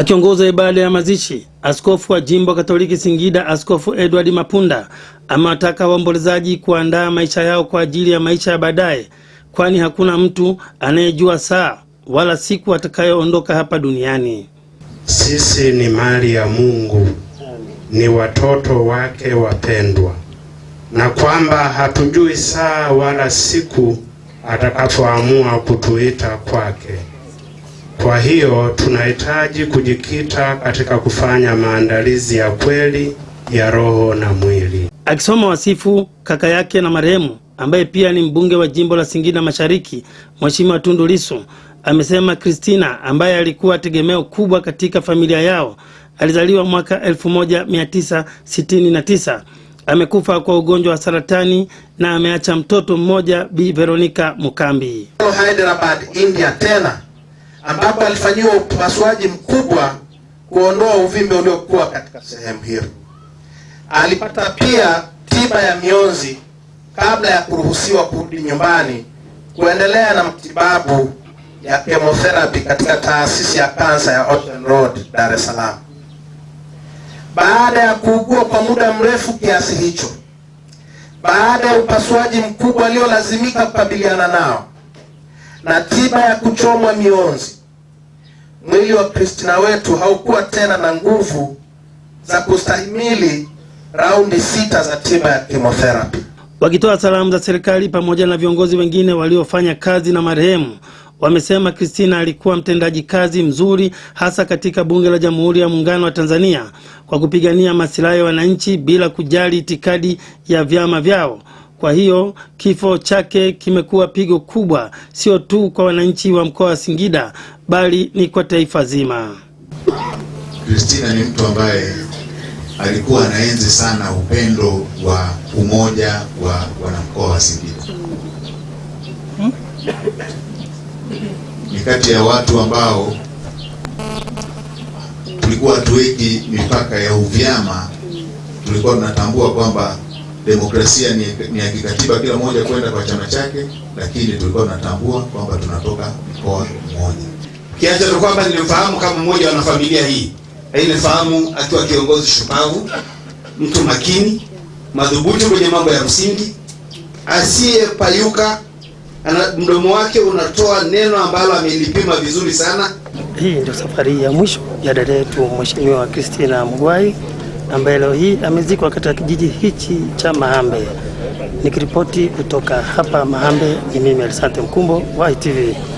Akiongoza ibada ya mazishi, askofu wa jimbo Katoliki Singida, Askofu Edward Mapunda amewataka waombolezaji kuandaa maisha yao kwa ajili ya maisha ya baadaye, kwani hakuna mtu anayejua saa wala siku atakayoondoka hapa duniani. Sisi ni mali ya Mungu, ni watoto wake wapendwa, na kwamba hatujui saa wala siku atakapoamua kutuita kwake. Kwa hiyo tunahitaji kujikita katika kufanya maandalizi ya kweli ya roho na mwili. Akisoma wasifu kaka yake na marehemu ambaye pia ni mbunge wa jimbo la Singida Mashariki, Mheshimiwa Tundu Lissu amesema kristina ambaye alikuwa tegemeo kubwa katika familia yao, alizaliwa mwaka 1969 amekufa kwa ugonjwa wa saratani na ameacha mtoto mmoja Bi Veronica Mukambi. Hyderabad, India tena ambapo alifanyiwa upasuaji mkubwa kuondoa uvimbe uliokuwa katika sehemu hiyo. Alipata pia tiba ya mionzi kabla ya kuruhusiwa kurudi nyumbani kuendelea na matibabu ya chemotherapy katika taasisi ya kansa ya Ocean Road, Dar es Salaam. Baada ya kuugua kwa muda mrefu kiasi hicho, baada ya upasuaji mkubwa aliolazimika kukabiliana nao na tiba ya kuchomwa mionzi. Mwili wa Kristina wetu haukuwa tena na nguvu za kustahimili raundi sita za tiba ya chemotherapy. Wakitoa salamu za serikali pamoja na viongozi wengine waliofanya kazi na marehemu, wamesema kristina alikuwa mtendaji kazi mzuri, hasa katika Bunge la Jamhuri ya Muungano wa Tanzania kwa kupigania masilahi ya wananchi bila kujali itikadi ya vyama vyao. Kwa hiyo kifo chake kimekuwa pigo kubwa, sio tu kwa wananchi wa mkoa wa Singida, bali ni kwa taifa zima. kristina ni mtu ambaye alikuwa anaenzi sana upendo wa umoja wa wanamkoa wa Singida. Hmm? Ni kati ya watu ambao tulikuwa hatuweki mipaka ya uvyama, tulikuwa tunatambua kwamba demokrasia ni, ni ya kikatiba, kila mmoja kwenda kwa chama chake, lakini tulikuwa tunatambua kwamba tunatoka mkoa mmoja. Kiacha tu kwamba nilimfahamu kama mmoja wa familia hii, nilifahamu akiwa kiongozi shupavu, mtu makini, madhubuti kwenye mambo ya msingi, asiyepayuka ana mdomo wake unatoa neno ambalo amelipima vizuri sana. Hii ndio safari ya mwisho ya dada yetu Mheshimiwa Christina Mgwai ambaye leo hii amezikwa katika kijiji hichi cha Mahambe. Nikiripoti kutoka hapa Mahambe, ni mimi alisante Mkumbo wa ITV.